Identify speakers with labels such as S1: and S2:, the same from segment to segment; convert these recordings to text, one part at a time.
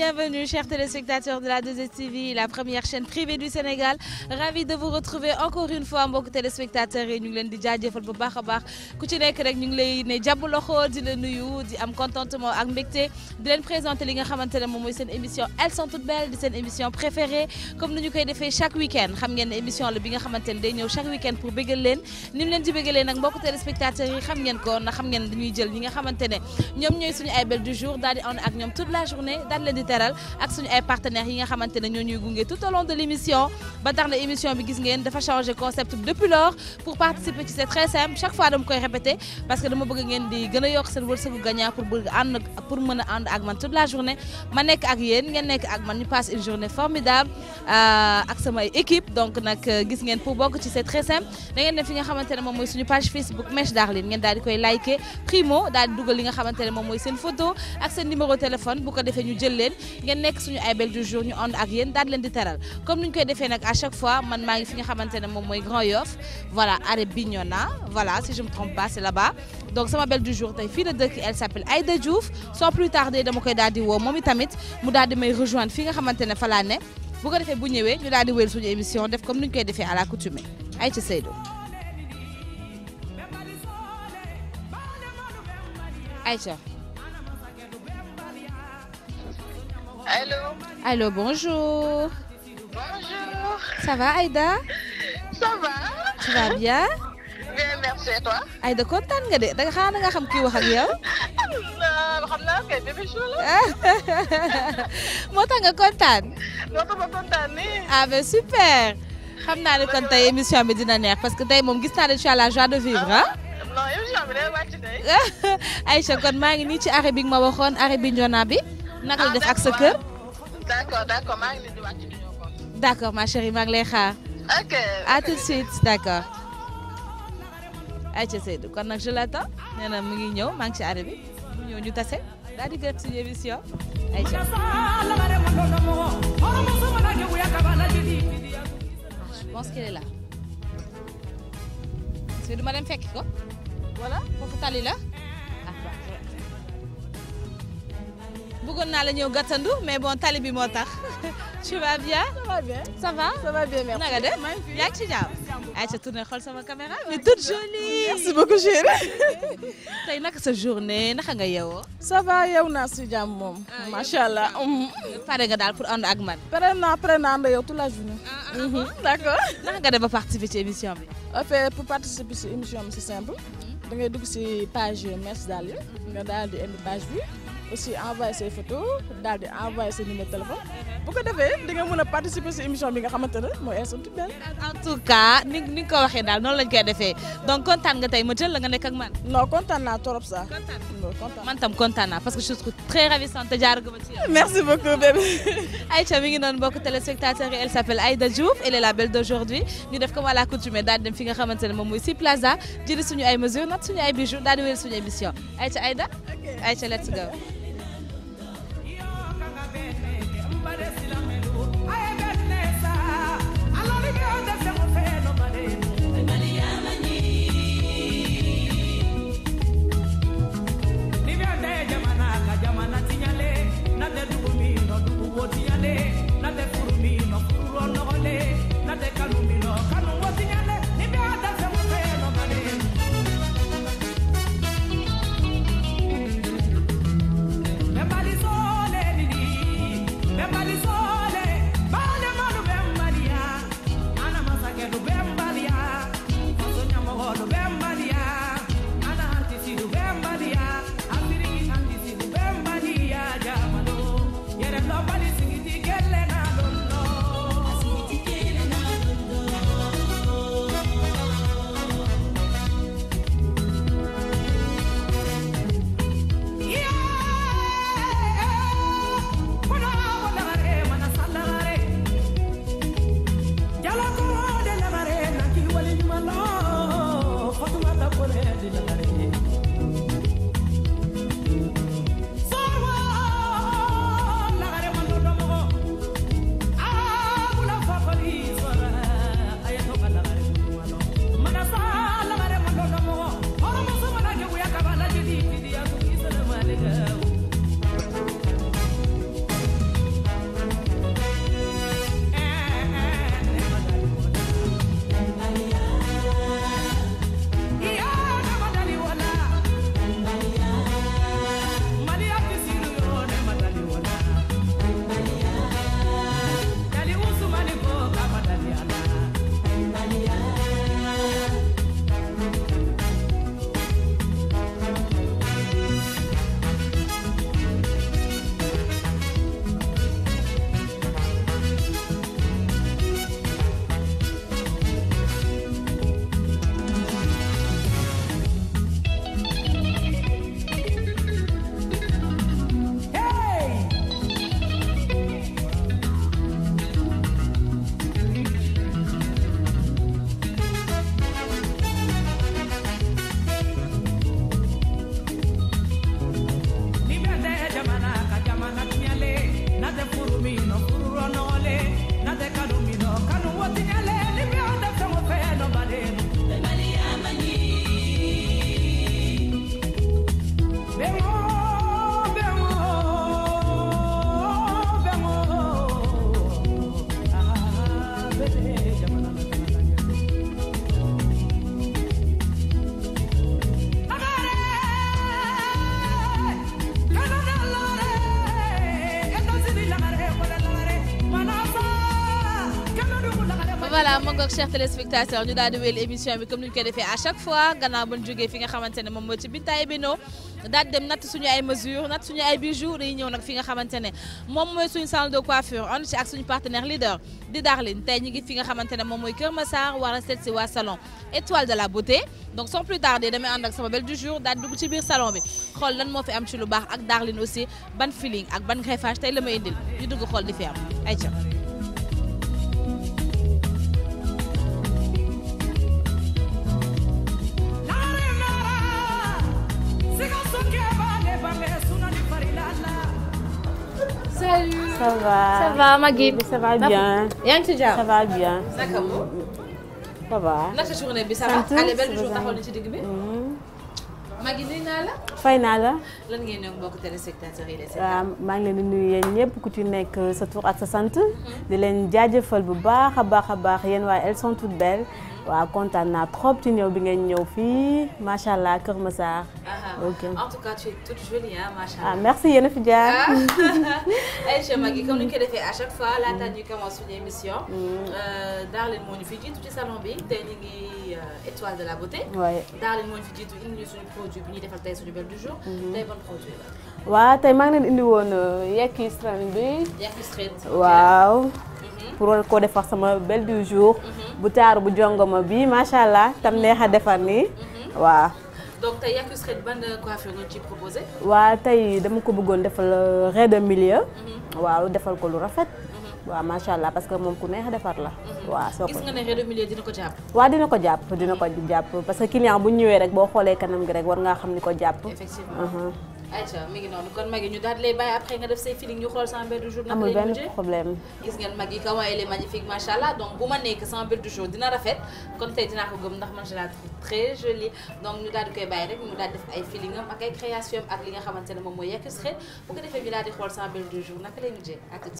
S1: bienvenue, chers téléspectateurs de la 2STV, la première chaîne privée du Sénégal. Ravi de vous retrouver encore une fois mbokk téléspectateurs yi ñu ngi leen di jaajëfal bu baax a baax ku ci nekk rek ñu ngi lay ne jàpp di la nuyu di am contentement ak mbégte di leen présenter li nga xamante ne moom émission elles sont toutes belles di seen émission préférée comme ni ñu koy defee chaque week xam ngeen émission la bi nga xamante ne day ñëw teral ak suñu ay partenaires yi nga xamante ne ñoo ñuy tout au long de émission ba tax na émission bi gis ngeen dafa changé concept depuis lors pour participer ci c'est très simple chaque fois dama koy répéter parce que dama bëgg ngeen di gën yokk seen wërsëgu gagnant pour bëgg ànd pour mën a ànd ak man toute la journée ma nekk ak man ñu passe une journée formidable euh, ak sama équipe donc nag euh, gis ngeen pour bokk ci da seen photo seen numéro téléphone bu ngeen nekk suñu ay belle du jour ñu ànd ak yéen daal leen di teral comme ni koy defee nag à chaque fois man maa ngi fi nga xamante ne moom mooy Grand Yoff voilà arrêt Bignona voilà si je me trompe pas c'est là-bas donc sama belle du jour tey fii la dëkk elle s'appelle Aïda Diouf sans plus tarder dama koy daal di woo moom itamit mu daal di may rejoindre fi nga xamante ne fa laa ne bu ko defee bu ñëwee ñu daal di wéyal suñu émission def comme ni ñu koy defee à la coutumée ay ci Seydou. Allô Allô, bonjour.
S2: Bonjour. Ça va, Aïda va. Tu vas bien Bien, merci. Et toi
S1: Aïda, kontaan nga de da nga xanaa da nga xam kii wax ak yow.
S2: xam naa kay bébé
S1: chou la. moo tax nga kontaan. moo tax ma kontaan ah, bi dina que tey moom gis la joie de vivre ah.
S2: non émission bi day wàcc tey.
S1: Aïcha kon maa ngi nii ci arabique ma waxoon naka la def ak sa ah, d'accord ma chérie maa lay xaar. ok à tout de suite d'accord. ayca Seydou kon nag je l'attends nee na mu ngi ñëw maa ngi ci arrêt bi mu ñëw ñu tase daal di je pense qu'elle est la. bëggoon naa la ñëw gàttandu mais boo tali bi moo tax tu vas bien. ça va bien ça va. ça va bien merci. na yaa ci jàmm. ay ca tourné xool sama caméra mais toute jolie. merci beaucoup chérie. tey naka sa journée naka nga yeewoo. ça va na naa si jàmm moom. Ah, macha allah. pare nga daal pour ànd ak man. pare naa pare naa ànd la journée. Ah, ah, mhm. d' naka nga def ba participer ci émission bi.
S2: en fait pour ci émission bi c' est simple. Mhm. da ngay si page Mess Dalla nga daal di indi page bi. aussi envoyé say photos daal di envoyé téléphone bu ko defee di nga a participer si émission bi nga xamante ne mooy Elles sont toutes belles. en tout cas ni nga ko waxee daal noonu lañ koy defee donc kontaan nga
S1: tey ma jël la nga nekk ak man. non kontaan naa trop
S2: kontaan
S1: man tam kontaan parce que je suis très ravissante jaar nga ma ci yow. merci beaucoup bébé. Aïcha mi ngi noonu mbokk téléspectateur yi elle s'appelle Aïda Diouf elle est la d'aujourd'hui ñu def comme à l'accoutumée nga xamante ne moom mooy si plaza jëli suñu ay mesures nat ma ngoog chers téléspectateurs ñu daal di wéyal émission bi comme ni ñu koy ne moom moo ci Binta et Beno daal di dem natt suñu ay mesures natt suñu ay fi nga xamante ne moom mooy suñu salon de coiffure on ci ak suñu partenaire leader di Darline tey ñu ngi fi nga xamante ne moom mooy Kër Massar war a seet si waa salon étoile de la beauté donc sans plus tarder damay ànd ak sama belle du jour daal di dugg ci biir salon bi xool lan moo fi am ci lu baax ak Darline aussi ban feeling ak ban greffage tey la ma indil ñu dugg xool di fi am ay Salut. Ça va ça va Magui. ça va bien. yaa ngi ci jàmm ça va bien. naka mu. ça va. naka journée bi ça va allez benn jour taxaw na ci digg bi. Mm-hmm. Magui nuyu naa la. fay naa la. lan ngeen di mbokk téléspectateurs yi waaw maa ngi leen di nuyu yéen ñëpp ku ci nekk sa tur ak sa sant. Mm-hmm. di leen jaajëfal bu baax a baax a baax yéen waa elles sont toutes belles. waaw kontaan naa trop ci ñëw bi ngeen ñëw fii macha allah Kër Massar. ok en tout cas tu es toute jolie hein ah, fi jaar.
S3: Aïcha
S1: ah. eh, Magui comme ñu ko defee à chaque fois laata ñuy commence suñu émission. Mm. Euh, Darlene moo ñu fi jiitu ci salon bi te ñu ngi euh, étoile de la beauté. fi jiitu indi bi ñuy defal tey suñu belle du jour. Mm-hmm. tey bon produit la. waaw tey maa ngi leen euh, Yekki Street bi. Yekki Street. waaw. pour war koo defar sama belle du jour. Mhm. bu taar bu jongama bi macha allah tam mhm. neex a defar nii. Mhm. waa donc tey dama ko bëggoon defal euh, raie de milieu. waaw defal ko lu rafet. waaw macha allah parce que moom ku neex defar la. waa soo ko gis nga ne dina ko jàpp. waaw dina ko jàpp parce que client bu ñëwee rek boo xoolee kanam gi rek war ngaa xam ni ko jàpp. effectivement. ayca mi ngi noonu kon Magui ñu daal di lay bàyyi après nga def say feeling ñu xool sans du jour. amul benn problème gis ngeen Magui kaw elle est magnifique macha allah donc bu ma nekk sans belle du jour dina rafet kon tey dinaa ko gëm ndax man je la trouve très jolie donc ñu daal di koy bàyyi rek mu daal def ay feeling ak ay création ak li nga xamante ne moom mooy yekk bu ko defee ñu daal di xool sans du jour naka lay mujjee ak.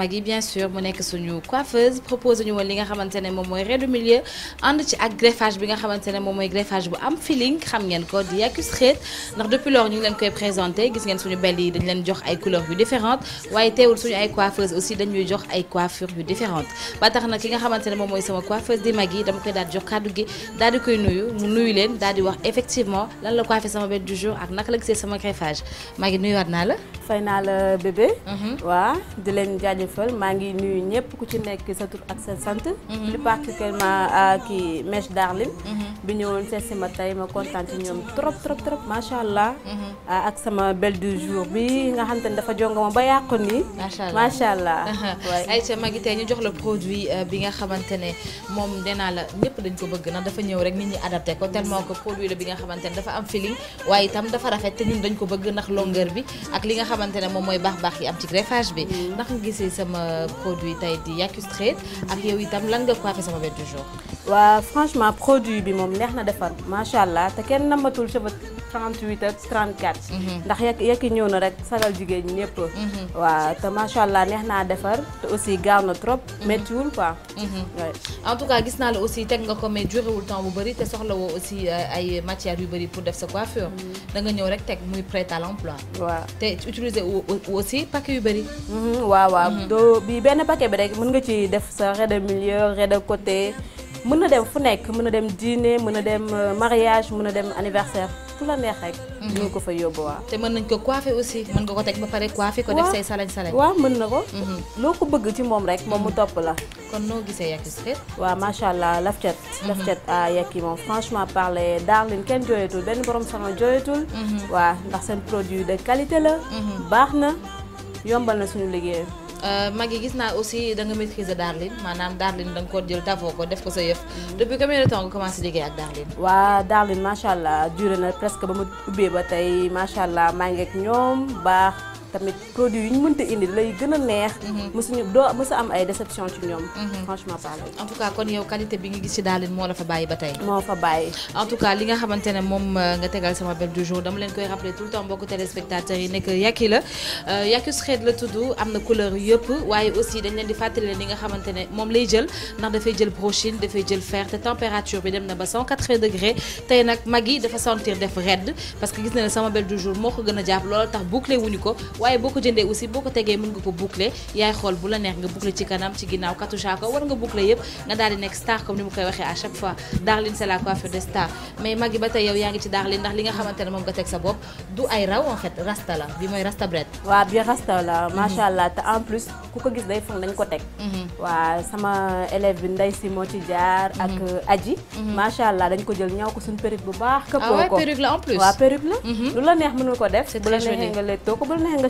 S1: mag yi bien sûr mu nekk suñu coiffeuse proposé ñu woon li nga xamante ne moom mooy raie du milieu ànd ci ak greffage bi nga xamante ne moom mooy greffage bu am feeling xam ngeen ko di yakus xeet ndax depuis lors ñu ngi leen koy présenté gis ngeen suñu belle yi dañ leen jox ay couleurs yu différentes waaye teewul suñu ay coiffeuse yu différentes ba na ki nga xamante ne moom mooy sama coiffeuse di mag yi dama koy daal di jox kàddu gi daal di koy nuyu mu nuyu leen di wax effectivement lan la coiffé sama bête du jour ak naka la gisee sama greffage maa jaajëfal maa ngi nuyu ñëpp ku ci nekk sa tur ak sa sant. Mhm. plus particulièrement euh, kii Mèche Darlin. Mhm. bi ñëwoon seet si ma tey ma kontaan ci ñoom trop trop trop macha allah. Mhm. Euh, ak sama belle du jour bi nga xam te ne dafa jongoma ba yàqu nii. macha allah waay Aïcha Magui tey ñu jox la produit euh, bi nga xamante ne moom nee naa la ñëpp dañ ko bëgg ndax dafa ñëw rek nit ñi adapté ko tellement que produit bi nga xamante ne dafa am feeling waaye itam dafa rafet te ñun dañ ko bëgg ndax longeur bi ak li nga xamante ne moom mooy baax baax yi am ci greffage bi mm. ndax nga gisee sama produit tey di Yaku Street ak yow itam lan nga coiffé sama bête du jour. waaw franchement produit bi moom neex na defar macha allah te kenn nambatul cheveux 38 ak 34. Mhm. ndax yekk yekki ñëw na rek sagal jigéen ñi ñëpp. Mhm. waaw te macha allah neex naa defar te aussi gaaw na trop. méttiwul mhm. quoi. en tout cas gis naa la aussi teg nga ko mais juréwul temps bu bari te soxla woo aussi euh, ay matières yu bëri pour def sa coiffure. danga ñëw rek teg muy prête à l'emploi. waaw te utiliser aussi paquet yu bëri. waa waa doo bi benn paquet bi rek mën nga ci def sa raie de milieu raie de côté mën na dem fu nekk mën na dem dîner mën na dem euh, mariage mën na dem anniversaire. fu la neex rek. Mhm. ñu ko fa yóbbu waaw. te mën nañ ko coiffer aussi mën nga ko teg ba pare coiffer ko def say salañ salañ. waaw mën na ko. Mhm. loo ko bëgg ci moom rek moom mu mhm. topp la. kon noo gisee Yaky Street. waaw macha allah laf cat. laf cat à Yaky moom franchement parler darlin kenn jooyatul benn borom sama jooyatul. waa ndax seen produit de qualité la. baax na yombal na suñu liggéey. Euh, mag yi gis naa aussi da nga maîtriser Darlene maanaam Darlene da ko jël tafoo ko def ko sa yëf. Mm. depuis combien de temps nga commencé liggéey ak Darlene. waa Darlene macha allah duré na presque ba ma ubbee ba tey macha allah maa ngi ak ñoom baax. tamit produit yu ñu mënta indi lay gën a neex. Mhm. mësuñu doo mësa am ay déception ci ñoom. Mhm. franchement parler. en tout cas kon yow qualité bi nga gis ci daal moo la fa bàyyi ba tey. moo fa bàyyi. en tout cas nga xamante ne moom euh, nga tegal sama belle du jour le temps mbokku téléspectateurs yi nekk yàkki la euh, yàkki su am na couleur yëpp waaye aussi dañ leen di fàttali leen li nga xamante ne moom lay jël ndax dafay jël brochine dafay jël fer te bi dem na ba 180 degré tey nag mag yi dafa sentir def redd parce que gis na ne sama belle du jour moo ko gën a jàpp loolu tax wu wuñu ko waaye boo ko jëndee aussi boo ko tegee mën nga ko boucler yaay xool bu la neex nga boucler ci kanam ci ginnaaw katusha ko war nga chaque fois bi mooy rasta bret mhm. mhm. sama élève bi Ndey Si moo ci jaar ak mhm. Aji macha allah dañ ko jël ñaw ko suñu perruque bu baax këppoo ah ko waaw la lu la neex mënul ko def bu la neexee nga léeg too bu la neexee nga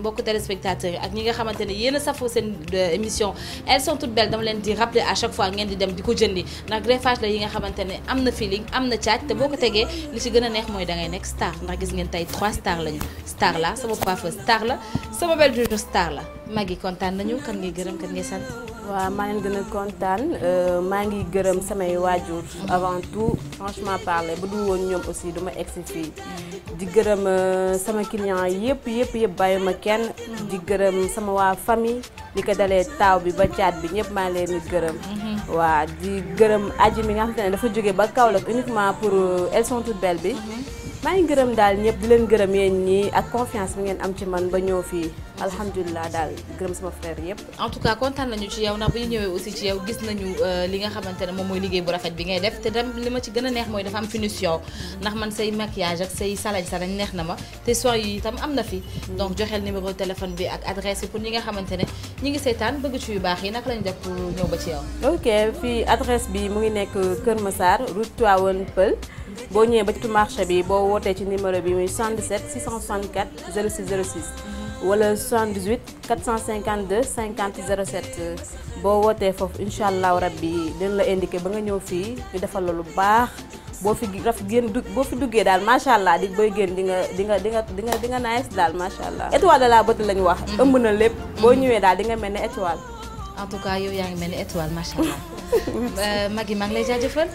S1: mbokk téléspectateurs yi ak ñi nga xamante ne yéen a safoo seen euh, émission elles sont toutes belles dama leen di rappeler à chaque fois ngeen di dem di ko jëndi ndax greffage la yi nga xamante ne am na feeling am na caac te boo ko tegee li ci gën a neex mooy dangay ngay nekk star ndax gis ngeen tey trois stars lañu star la sama coiffeuse star la sama belle jojo star la Magui kontaan nañu kan ngay gërëm kan ngay sant waaw maa leen gën a kontaan euh, maa ngi gërëm samay waajur avant tout franchement parler bu dul woon ñoom aussi duma egsi fii di gërëm euh, sama client yëpp yëpp yëpp ma kenn di gërëm sama waa famille li ko dalee taaw bi ba caat bi ñëpp maa leen gërëm mhm. waa di gërëm aji mi nga xam ne dafa jóge ba Kaolack uniquement pour euh, elles sont belle bi mhm. maa ngi gërëm daal ñëpp di leen gërëm yéen ñii ak confiance bi ngeen am ci man ba ñëw fii alhamdulilah daal gërëm sama frère yëpp. en tout cas kontaan nañu ci yow ndax bu ñu ñëwee aussi ci yow gis nañu euh, li nga xamante ne moom mooy liggéey bu rafet bi ngay def te dem li ma ci gën a neex mooy dafa am finition ndax man say maquillage ak say salañ salañ neex na ma te soins yi itam am na fi. donc joxeel numéro téléphone bi ak adresse yi pour ñi nga xamante ne ñi ngi seetaan bëgg ci yu baax yi naka lañu def pour ñëw ba mu ngi nekk Kër Massar route boo ñëwee ba ci marché bi boo wootee ci numéro bi muy 77 664 06 06 wala 78 452 50 07 boo wootee foofu allah rab bi dina la indiqué ba nga ñëw fii ñu defal la lu baax boo fi gi raf génn du boo fi duggee daal macha allah di booy génn di nga di nga di nga di nga di nga nice daal macha allah. étoile de la beauté lañu wax. Mm-hmm. ëmb na lépp. boo ñëwee daal di nga mel ne étoile. en tout cas yow yaa ngi mel ni étoile macha allah. Euh, Magui maa ngi lay jaajëfal.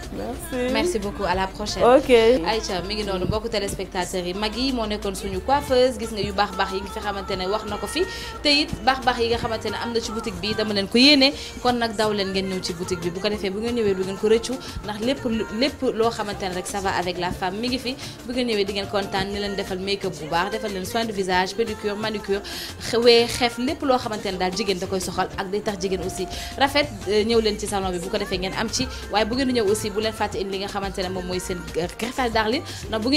S1: merci merci beaucoup à la prochaine. ok Aïcha mi ngi noonu mbokku téléspectateurs yi Magui moo nekkoon suñu coiffeuse gis nga yu baax baax yi nga xamante ne wax na ko fi te it baax baax yi nga xamante ne am na ci boutique bi dama leen ko yéene kon nag daw leen ngeen ñëw ci boutique bi bu ko defee bu ngeen ñëwee du ngeen ko rëccu ndax lépp lépp loo xamante ne rek ça va avec la femme mi ngi fi bu ngeen ñëwee di ngeen kontaan ni leen defal make-up bu baax defal leen soin de visage pédicure manucure wee xeef lépp loo xamante ne daal jigéen da koy soxal ak day tax jigéen aussi rafet euh, ñëw leen ci salon bi bu ko defee ngeen am ci waaye bu ngeen ñëw aussi bu leen fàtte indi li nga xamante ne moom mooy seen greffage darline ndax bu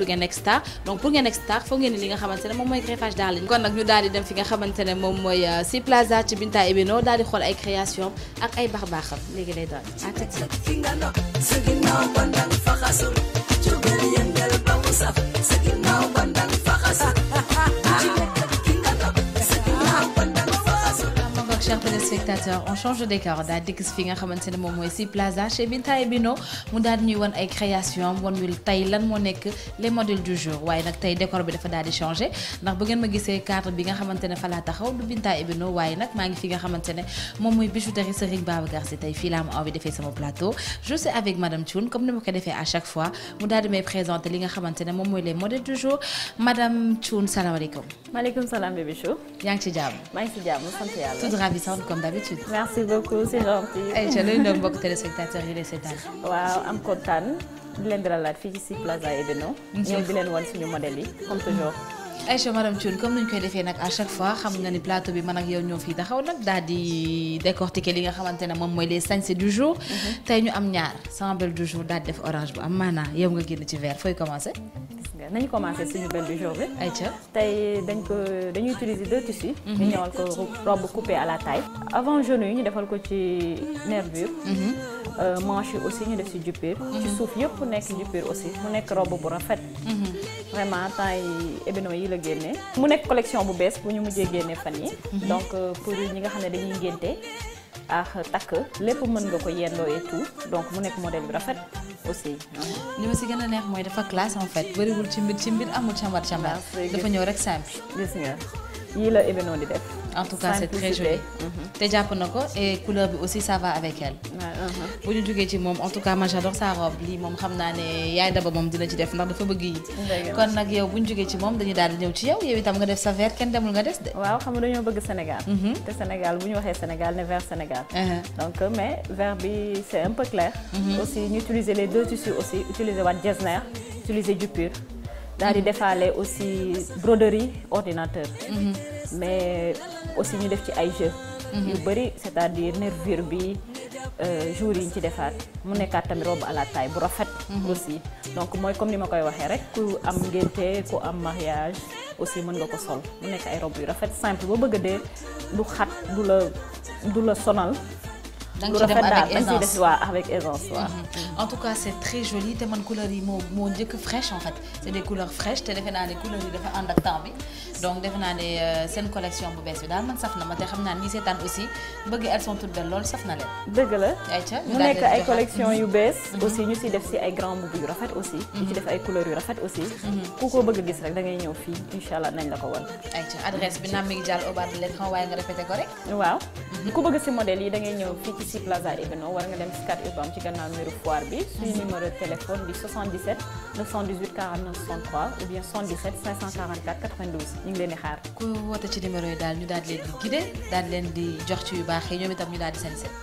S1: du ngeen nekk donc pour ngeen nekk foog ngeen li nga xamante moom mooy greffage darline kon nag ñu daal di dem fi nga xamante moom mooy euh, si plaza ci Binta Ebino daal di xool ay création ak ay baax-baaxam léegi lay doon atat
S4: chers
S1: téléspectateurs on change de décor daal ne moom mooy si plaza chez lan moo nekk les modèles du jour waaye nag tey décor bi dafa daal di changé ndax bu ngeen ma gisee cadre bi ne fa laa taxaw du Binta et maa ngi fi nga xamante ne moom mooy bijouterie Serigne Babacar Sy tey fii laa ma envie defee sama plateau je suis avec madame Thioune comme ni ma ko defee à chaque fois mu daal di li nga xamante ne moom mooy les modèles du jour madame Thioune salaamaaleykum
S3: maaleykum salaam bébé Chou. yaa ngi ci jàmm. maa ngi ci jàmm sant yàlla. toute ravissante comme d'habitude. merci beaucoup c'est gentil. ayca looy doon mbokk téléspectateurs yi lay seetaan. waaw am kontaan di leen dalalaat fii ci Plaza Ebeno. ñëw di leen wan suñu modèle yi comme toujours.
S1: Aïcha madame Thioune comme ni ñu koy defee nag à chaque fois xam nga ni plateau bi man ak yow ñoo fii taxaw nag daal di li nga xamante ne moom mooy les sañse du jour. Mm-hmm. tey ñu am ñaar sambal du jour daal di def orange bu am maanaa yow nga génn
S3: nañu commencé suñu belle du jour bi. ayca tey dañ ko dañuy utiliser deux tissus. Mhm. ñu ñëwal ko robe coupée à la taille. avant genou yi ñu defal ko ci nervure. Mhm. Euh, manche yi aussi ñu def ci juppiir. Mhm. ci suuf yëpp nekk juppiir aussi mu nekk robe bu rafet. vraiment temps yi ébéno yi la génne mu nekk collection bu bees bu ñu mujjee génnee fan yi donc euh, pour ñi nga xam ne dañuy ngénte. ak takk lépp mën nga ko yendoo et donc mu nekk modèle bi rafet aussi. li ma si gën a neex
S1: mooy dafa classe en fait bëriwul ci mbir ci mbir amul càmbar càmbar dafa ñëw rek simple. gis nga yii la Ebeno di def. en tout cas c'est très joli te jàpp na ko et couleur bi aussi ça va avec elle. Uh-huh. bu ñu jugee ci moom en tout cas man j'adore sa robe lii moom xam naa ne yaay daba moom dina ci def ndax dafa bëgg yi kon nag yow bu ñu jugee ci moom dañuy daal ñëw
S3: ci yow yow itam nga def sa vert kenn demul nga des waaw xam nga dañoo bëgg Sénégal. Mm-hmm. te Sénégal bu ñu waxee Sénégal ne vert Sénégal. Uh-huh. donc euh, mais vert bi c'est un peu clair. Mm-hmm. aussi ñu utiliser les deux tissus utiliser daal di defaale aussi broderie ordinateur. Mhm. mais aussi ñu def ci ay jeux. Mhm. yu bëri c'est-à-dire nervure bi euh, jour yi ñu ci defaat mu nekkaat tamit robe à bu rafet. Mhm. aussi donc mooy comme ni ma koy waxee rek ku am ngénte ku am mariage aussi mën nga ko sol mu nekk ay rob yu rafet simple ba bëgg a dee du xat du la du la sonal. lu rafet daal da nga ciy def waaw avec aisance mhm. waaw.
S1: en tout cas c' est très joli te man couleur yi moo moo njëkk fraîche en fait c' est des couleurs fraîches te defe naa ne couleur yi dafa ànd ak temps bi donc defe naa ne euh, seen collection bu bees bi daal man saf na ma te xam naa ni seetaan aussi
S3: bëgg elles sont toutes belles lool saf na leen. dëgg la mu nekk ay collection yu bees. Mhm. aussi ñu siy def si ay grands boubou yu rafet aussi. ñu ci mhm. def ay couleurs yu rafet aussi. ku ko bëgg gis rek da ngay ñëw fii incha allah nañ la ko wan. ayca adresse bi naam mi ngi jàll au bas de l' écran waaye nga répété ko rek. waaw ku bëgg si modèle yi da ngay ñëw fii ci si Plaza Ebeno war nga dem si 4 UCAM ci gannaaw numéro foire bi suñu mhm. numéro téléphone di 77 918 49 63 ou bien 77 544 92 ñu ngi leen di xaar. ku woote ci numéro yi daal ñu daal leen di guider daal leen di jox ci yu baax
S1: yi ñoom itam ñu daal di sañ set.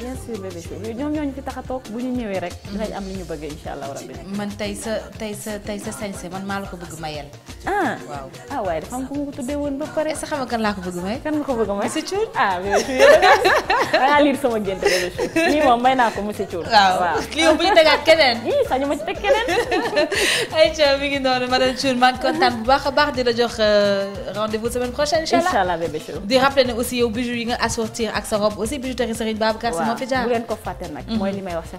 S3: bien sûr bébé si yooyu ñoom ñoo ñu fi tax bu ñu ñëwee rek. dinañ am
S1: ñu bëgg incha allah rabbi. man tey sa tey sa tey sa sañse man maa la ko bëgg mayel. Ah! waaw ah, waaye dafa am ku ma ko tuddee woon ba pare. sa xam nga kan laa ko bëgg may. kan nga ko bëgg may monsieur Thioune. ah bébé si
S3: dangaa moom may naa ko monsieur Thioune. waaw lii bu ñu tegaat
S1: keneen. ii sañu ma ci teg keneen. ayca mi ngi noonu madame Thioune maa ngi kontaan bu baax a baax di la jox euh, rendez-vous semaine prochaine incha allah. bébé si di rappeler ne aussi yow bijoux yi nga assortir ak
S3: sa robe aussi moo fi jaar bu leen ko fàtte nag mhm. mooy li may wax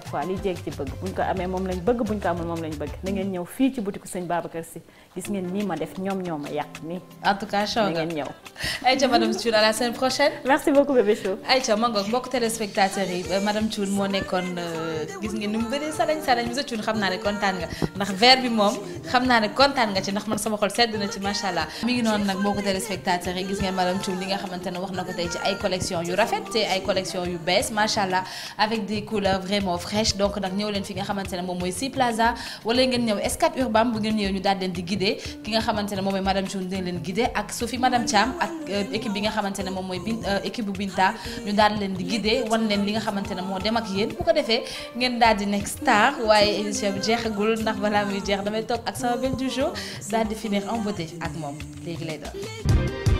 S1: chaque yi euh, madame Thioune moo nekkoon euh, gis ngeen ni mu bëree salañ salañ monsieur Thioune xam naa ne kontaan nga ndax verre bi moom xam naa ne kontaan nga ci ndax man sama xol sedd na ci macha allah ngi noonu nag mbokk téléspectateurs yi gis ngeen madame Thioune li nga xamante ne wax na ko tey ci ay collection yu rafet te ay collection yu bees macha allah avec des couleurs vraiment fraîches donc ñëw leen fi nga xamante ne moom mooy Sea Plaza wala ngeen ñëw Scat Urbam bu ngeen ñëwee ñu daal leen di guider ki nga xamante ne moom mooy madame leen guider ak Sophie madame Thiam ak euh, bi nga xamante ne moom mooy bin euh, équipe bu Binta ñu daal leen di guider wan leen li nga xamante ne moo dem ak yéen bu ko defee ngeen daal di nekk star waaye émission bi jeexagul ndax balaa muy jeex damay toog ak sama belle du jour daal di en beauté ak moom léegi lay doon.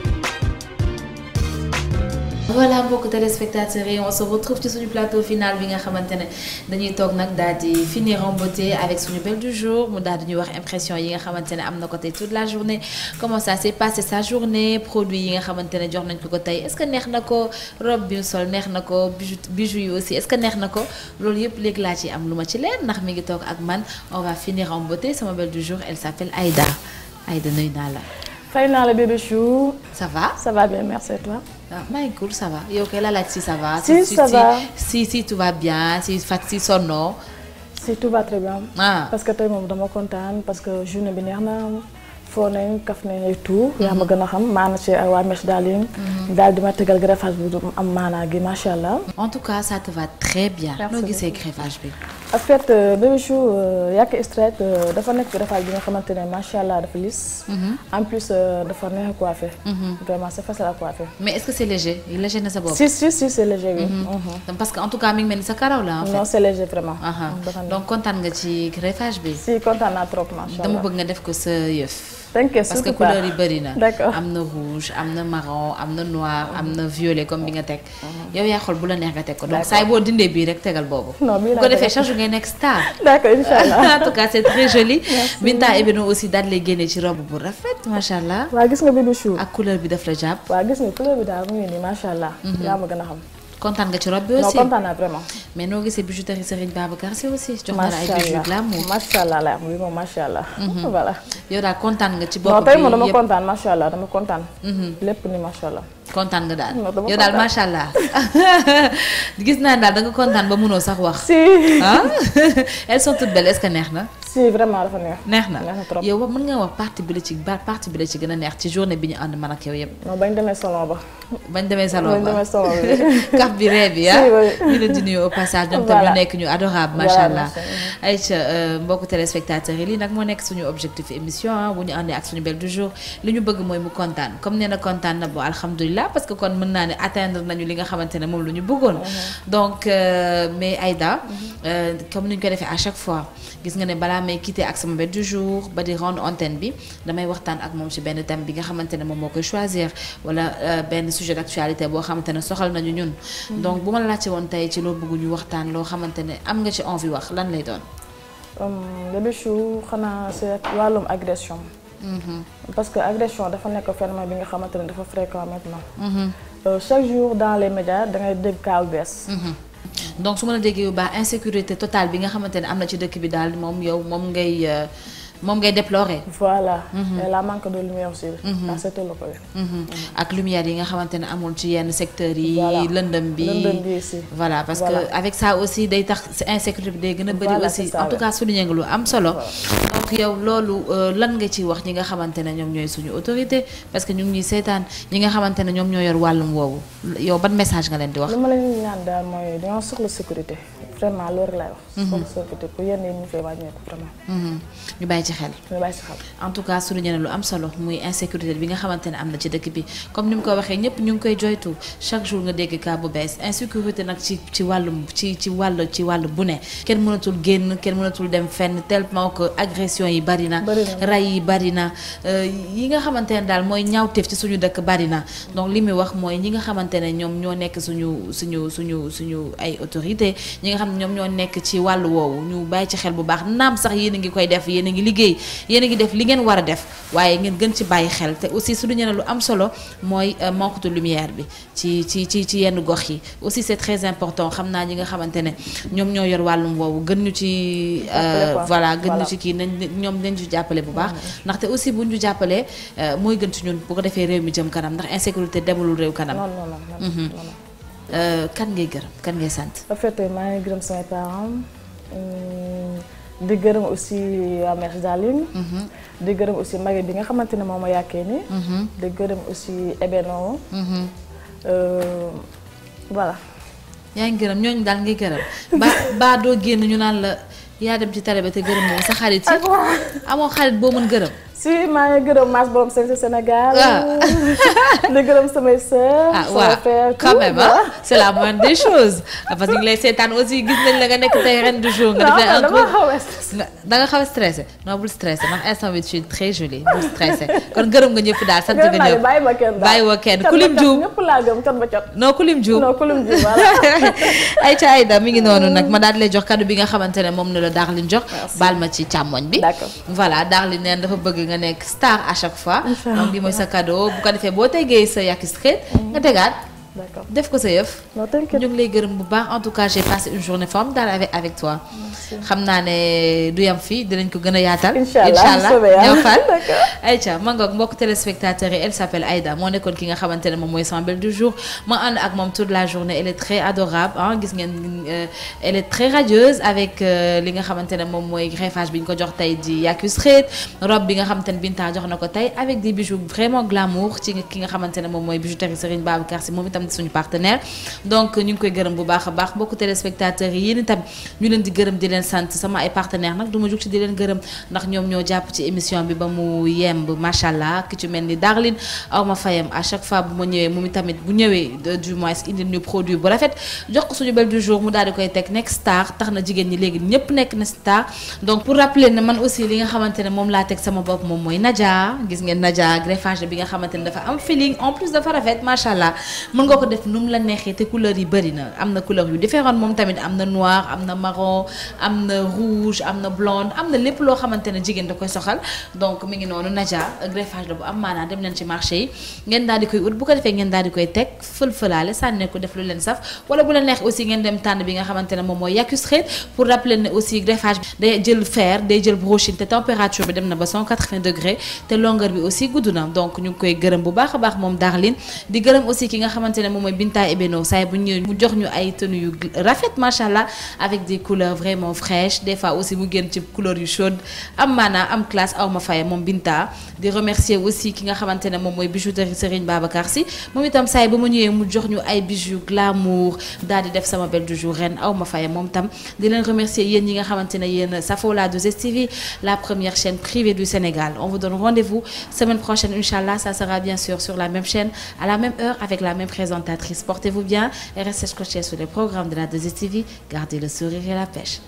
S1: voilà mbokk téléspectateurs yi on se retrouve ci suñu plateau final bi nga xamante ne dañuy toog nag daal di finir avec suñu belle du jour mu daal ñuy wax impression yi nga xamante ne am na ko tey toute la journée comment ça s'est passé sa journée produit yi nga xamante ne jox nañ ko ko tey est neex na ko robe bi sol neex na ko bijou bijou yi aussi est neex na ko loolu yëpp léegi laa ci am lu ma ci leer ndax mi ngi toog ak man on va finir en beauté sama belle du la. fay ah maa ngi cool ça va yow kay la laaj si va. si si si va bien si fat si sonnoo.
S2: si tout va très bien. Ah. parce que tey moom dama kontaan parce que journée bi neex na foo nañ kaf nañ et tout. Mhm. yaa ma gën a xam maana ci ay ah, waa Mèche daal di. daal di ma tegal greffage bu am maanaa gi macha allah.
S1: en tout cas ça te va très bien. merci noo gisee greffage bi.
S2: en fait euh, Bébé Chou euh, Yaka Strike euh, dafa nekk defaat bi nga xamante ne macha allah dafa lisse. Mhm. en plus dafa neex a coiffé. Mhm. vraiment c'est coiffer.
S1: mais est-ce que c'est léger léger na sa bopp. si si si
S2: c'est léger oui. Mhm.
S1: parce que en tout cas mi ngi sa karaw la en fait. donc kontaan nga ci greffage bi. si kontaan naa trop macha dama bëgg nga def ko sa yëf. tënkee parce que couleur yi bëri na. am na rouge am na marron am na noir am na violet comme bi nga teg. Mm-hmm. yow yaa xool bu la neex nga teg ko donc saa yi boo dindee bii rek tegal boobu. bu ko defee change ngay nekk star. d' accord incha allah en tout cas c' très joli. Binta Ebeno aussi daal lay génnee ci robe bu rafet macha allah. waaw gis nga bi du chou. ak couleur bi def la jàpp. waaw gis nga couleur bi daal mu ngi nii macha allah. Mm-hmm. yaa ma gën a xam. kontaan nga ci robe bi aussi mais noo gisee bijouterie Serigne Babacar Sy aussi. jox na la ay bijoux glamour macha allah la oui moom macha allah. Mhm. voilà yow daal kontaan nga ci bopp bi yëpp non tey moom dama kontaan macha allah dama kontaan. Mhm. lépp ni macha allah. kontaan nga daal yow daal macha allah gis naa daal da nga kontaan ba mënoo sax wax. si ah elles sont toutes belles est neex na. si vraiment dafa neex. neex na yow mën nga wax parti bi la ci ba parti bi la ci gën a neex ci journée bi ñu ànd man ak yow yëpp. non bañ ba. demee salon ba demee salon bi. kaf bi ree bi ah. ñu la di nuyu au passage ñoom tam ñu nekk ñu adorable. macha allah ay mhm. Aïcha euh, mbokku téléspectateurs yi lii nag moo nekk suñu objectif émission ah, bu ñu àndee ak suñu belle du jour li ñu bëgg mooy mu kontaan comme nee na kontaan na bo candidat parce que kon mën naa ne atteindre nañu li nga xamante ne moom lu ñu bëggoon. Uh-huh. donc euh, mais Aïda. Uh-huh. Euh, comme ni ñu ko defee à chaque fois gis nga ne balaa may quitter ak sama bët du jour ba di rendre antenne bi damay waxtaan ak moom ci benn thème bi nga xamante ne moom moo koy choisir wala euh, benn sujet actualité boo xamante ne soxal nañu ñun. Uh-huh. donc bu ma laajte woon tey ci loo bëgg ñu waxtaan loo xamante ne am nga ci envie wax lan lay doon.
S2: Um, Bébé Chou xanaa c'est wàllum agression. Mm-hmm. parce que agression dafa nekk phénomène bi nga xamante ne dafa fréquent maintenant. Mm-hmm. Euh, chaque jour dans les médias da ngay dégg kaaw bees. Mm-hmm.
S1: donc su ma la déggee bu insécurité totale bi nga xamante ne am na ci dëkk bi daal moom yow moom ngay euh, moom ngay déplorer. voilà. et la manque de lumière aussi.
S2: à cette locale.
S1: ak lumière yi nga xamante ne amul ci yenn secteurs yi. lëndëm bi voilà parce que avec ça aussi day tax insécurité bi day gën a bëri aussi en tout cas souligné nga lu am solo. donc yow loolu euh, lan nga ci wax ñi nga xamante ne ñoom ñooy suñu autorité parce que ñu ngi seetaan ñi nga xamante ne ñoom ñoo yor wàllum woowu yow ban message nga leen di wax. li ma
S2: leen ñaan daal mooy dañoo soxla sécurité vraiment loolu lay wax. Mhm. soxla sécurité pour
S4: mhm.
S1: ñu bàyyi ci xel. ñu bàyyi en tout cas suñu ñeneen lu am solo muy insécurité bi nga xamante ne am na ci dëkk bi comme ni mu ko waxee ñëpp ñu ngi koy joytu chaque jour nga dégg cas bu bees insécurité nag ci ci wàllum ci ci wàll ci wàll bu ne kenn mënatul génn kenn mënatul dem fenn tellement que agressé agression yi bari na rey yi bari na euh, yi nga xamante ne daal mooy ñaawteef ci suñu dëkk bari na donc li muy wax mooy ñi nga xamante ne ñoom ñoo nekk suñu suñu suñu suñu ay autorité ñi nga xam ne ñoom ñoo nekk ci wàllu woowu ñu bàyyi ci xel bu baax naam sax yéen a ngi koy def yéen ngi liggéey yéen a def li ngeen war a def waaye ngeen gën ci bàyyi xel te aussi su duñu lu am solo mooy euh, manque de bi ci ci ci ci yenn gox yi aussi xam naa ñi nga xamante ne yor wàllum woowu gën ñu ci euh, voilà gën ñu ci kii nañ ñoom dañ ñu jàppale bu baax ndaxte aussi bu ñu jàppalee euh, mooy gën ci ñun bu ko defee réew mi jëm kanam ndax insécurité demalul réew kanam mhm. euh, kan ngay gërëm kan ngay sant
S2: ba fait euh, maa ngi gërëm samay parents di gërëm aussi waa mère Daline mhm. di gërëm aussi magi bi nga xamante ne moom ma yàkkee ni mhm. di gërëm aussi Ebeno
S1: voilà yaa ngi gërëm ñooñu daal ngay gërëm ba ba doo génn ñu naan la yaa dem ci tare ba te gërëm moom sa xarit yi ah amoo xarit boo mën gërëm
S2: si maa ngi gërëm Mass borom Sen Sénégal. Ah. di gërëm samay sœurs. ah waaw quand même ah c'est la moindre des choses
S1: ah, parce que ñu lay seetaan aussi gis nañ la nga nekk tey reine du jour. nga defee un nga da nga a stressé non bul stressé man instant bi je suis très kon gërëm nga ñëpp daal sant nga ñëpp. bàyyi
S2: ma kenn daal bàyyi ma kenn kulim juum ñëpp laa gëm cat ba cat. non kulim juum non kulim
S1: juum voilà. Aïcha ngi noonu nag ma daal di lay jox kàddu bi nga xamante ne moom la la Darlene jox. baal ma ci càmmoñ bi. d'accord voilà Darlene neen dafa bëgg nga nekk star à chaque fois. donc mooy sa cadeau bu ko defee boo tegee sa Yak nga tegaat. d'accord def ko sa yëf. ñu ngi lay gërëm bu baax en tout cas j'ai passé une journée formidable avec avec toi. xam naa ne du yam fii dinañ ko gën a yaatal. incha allah ñëw Fall. Aïcha Mangok mbokk téléspectateurs yi elle s'appelle Aïda moo nekkoon ki nga xamante ne moom mooy sans belle jour ma ànd ak moom toute la journée elle est très adorable ah gis ngeen euh, elle est très radieuse avec euh, li nga xamante ne moom mooy greffage bi ñu ko jox tey di yakus xeet robe bi nga xamante ne Binta jox na ko tey avec des bijoux vraiment xamante ne moom mooy bijouterie Serigne tamit suñu partenaire donc ñu ngi koy gërëm bu baax a baax mbokku téléspectateurs yi yéen itam ñu leen di gërëm di leen sant sama ay partenaire nag du ma jug ci di leen gërëm ndax ñoom ñoo jàpp ci émission bi ba mu yemb macha allah ki ci mel ni Darlene aw ma fayam à chaque fois bu ma ñëwee moom tamit bu ñëwee du moins indil ñu produit bu rafet jox ko suñu belle du jour mu daal di koy teg nekk star tax na jigéen ñi léegi ñëpp nekk na star donc pour rappeler na man aussi li nga xamante ne moom laa teg sama moom mooy Nadia gis ngeen Nadia greffage bi nga xamante ne dafa nga ko def nu mu la neexee te couleur yi bëri na am na couleur yu différentes moom tamit am na noir am na marron am na rouge am na blonde am na lépp loo xamante ne jigéen da koy soxal donc mi ngi noonu Nadia greffage la bu am maanaam dem leen ci marché yi ngeen daal di koy ut bu ko defee ngeen daal di koy teg fël-fëlaale sànni ko def lu leen saf wala bu la neex aussi ngeen dem tànn bi nga xamante ne moom mooy yakus xeet pour rappeler ne aussi greffage bi dem na ba 180 degré te longueur bi aussi gudd na donc ñu ngi koy gërëm bu baax baax moom ne moom mooy Binta Ebeno saa bu ñu ñëwee mu jox ñu ay tenues yu rafet macha avec des couleurs vraiment fraîches des fois aussi mu génn ci couleurs yu chaude am maanaa am classe aw ma faye moom Binta di remercier aussi ki nga xamante ne moom mooy bijouterie Serigne Babacar Sy moom itam saa ba mu ñëwee mu jox ñu ay bijoux glamour daal di def sama belle du jour ren aw ma faye moom tam di leen remercier yéen ñi nga xamante ne yéen safoo la stv la première chaîne privée du Sénégal on vous donne rendez-vous semaine prochaine inchallah ça sera présentatrice. Portez-vous bien et restez scotchés sur les programmes de la 2STV. Gardez le sourire et la pêche.